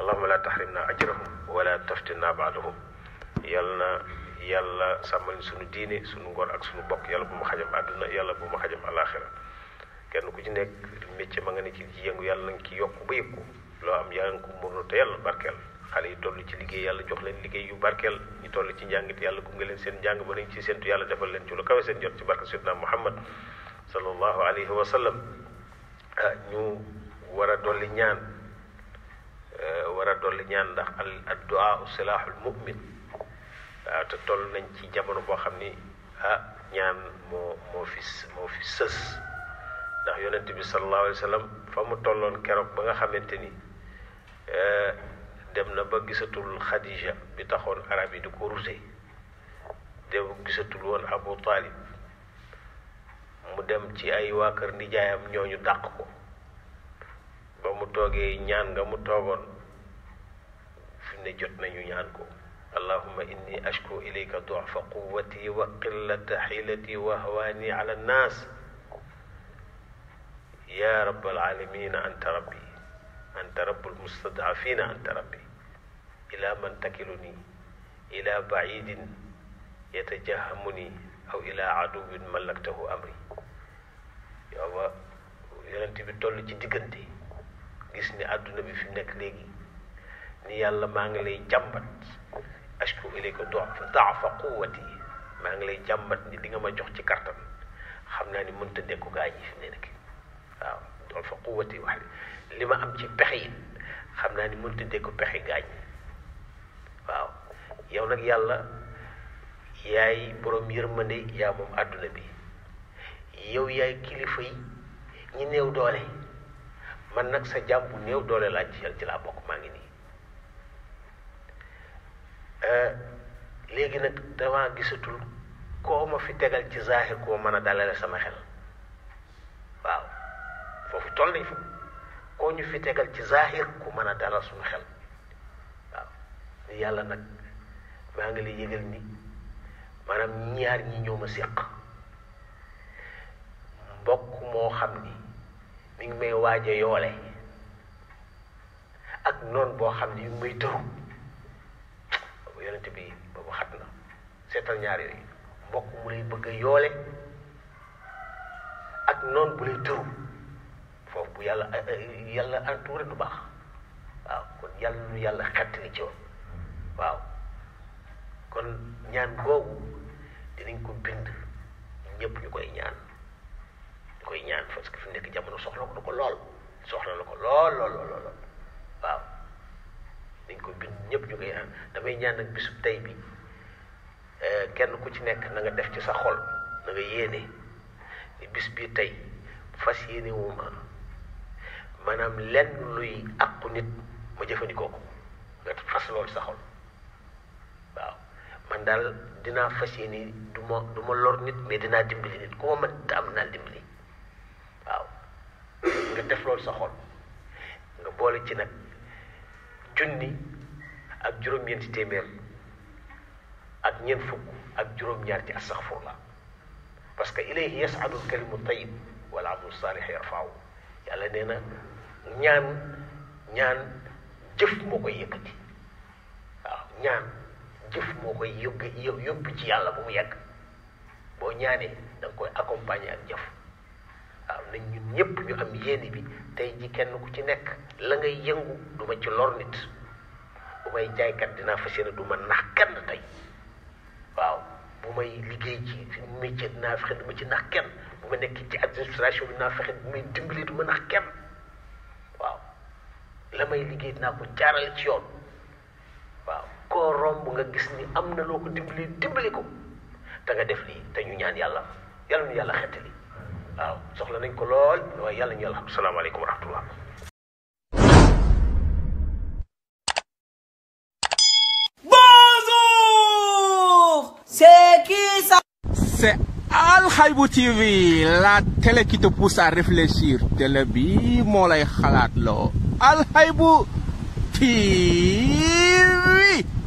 allahuma la tahrimna ajrahum wala taftinna baadahum yàlla na yàlla sàmmal ñu suñu diine suñu ngor ak suñu bokk yàlla bu ma xajam àdduna yàlla bu ma xajam alaxira kenn ku ci nekk métier ma nga ne ci ci yëngu yàlla na nga ci yokk ba yëg loo am yaa ngi ko murno te yàlla barkeel xale yi toll ci liggéey yàlla jox leen liggéey yu barkeel ñu toll ci njàngit yàlla gunge leen seen njàng ba nañ ci séntu yàlla defal leen ci lu kawe seen jot ci barke sayyidina muhammad sallallahu alayhi war a dolli ñaan eh, war a dolli ñaan ndax al addu'a silahul mu'min waaw ah, te toll nañ ci jamono boo xam ni ah ñaan moo moo fi moo fi sës ndax yonent bi sallallahu alayhi wa fa mu tolloon keroog ba nga xamante ni eh, dem na ba gisatul Xadija bi taxoon arab yi di ko ruse dem gisatul woon Abu Talib mu dem ci ay waa kër nijaayam ñu dàq ko ba mu toogee ñaan nga mu toogoon fi ne jot nañu ñaan ko allahuma inni ashku ilayka duafa quwati wa qillata xilati wa hawaani ala nnaas ya rabbal alamina anta rabbi anta rabbul mustadafina anta rabbi ila man takiluni ila bacidin yatajahamuni aw ila aduwin mallaktahu amri yow ba yonent bi toll ci diggante gis ni àdduna bi fi mu nekk léegi ni yàlla maa ngi lay jàmbat ashku ilayka da'fa quwwati maa ngi lay jàmbat ni di nga ma jox ci kartan xam naa ni mënta dekku gaa yi fi mu ne nekk waaw da'fa quwwati wax li ma am ci pexe yi xam naa ni mënta dekku pexe gaa waaw yow nag yàlla yaay borom yërmande yaa moom àdduna bi yow yaay kilifa yi ñi néew doole. man nag sa jàmm bu néew doole laa ci ci laa bokk maa ngi nii euh, léegi nag damaa gisatul koo ma fi tegal ci zaaxir koo mën a dalale sama xel waaw foofu toll nañ fa ñu fi tegal ci zaaxir ku mën a dalal suma xel yàlla nag maa ngi lay yëgal ni maanaam ñaar ñi ñoo ma séq mbokk moo xam ni mi ngi may waaje yoole ak noonu boo xam ne yu may tëru boobu bi boobu xat na seetal ñaar yooyu mbokk mu lay bëgg a yoole ak noonu bu lay tëru foofu bu yàlla yàlla entouré du baax waaw kon yàlla nu yàlla xettali ci woon waaw kon ñaan googu dinañ ko bind ñëpp ñu koy ñaan parce que fi nekk jamono soxla na ko lool soxla ko lool lool lool waaw dañ ko bind ñépp ñu koy am damay ñaan nag bisub tey bi eh, kenn ku ci nekk na nga def ci sa xol na nga yéene bis bii tey fas yéene wuma ma maanaam lenn luy àqu nit ma jëfandikoo ko nga fas loolu sa xol waaw man daal dinaa fas yéene du ma ma lor nit mais dinaa dimbali nit ku ma mën am naa dimbali. yor sa xol nga boole ci nag junni ak juróom-ñeenti téeméer ak ñeent fukk ak juróom-ñaar ci astaxfurla parce que ilayhi yas'adu al-kalimu tayyib wal amalu saalih yarfaaw yàlla nee na ñaan ñaan jëf moo koy yëkkati ñaan jëf moo koy yóbbu yóbbu ci yàlla bu mu yàgg boo ñaanee da nga koy accompagner ak jëf nañ ñun ñëpp ñu am yéene bi tey ji kenn ku ci nekk la ngay yëngu du ma ci lor bu may jaaykat dinaa fas yéene du ma nax kenn tey waaw bu may liggéey ci métier dinaa fexe du ma ci nax kenn bu ma nekk ci administration bi naa fexe bu may dimbali du ma nax kenn waaw la may liggéey dinaa ko jaarale ci yoon waaw koo romb nga gis ni am na loo ko dimbali dimbali ko te nga def lii te ñu ñaan yàlla yàlla nu yàlla xettali waaw soxla nañ ko lool waaye yàlla ñu yàlla TV la télé qui te pousse bi moo lay xalaat TV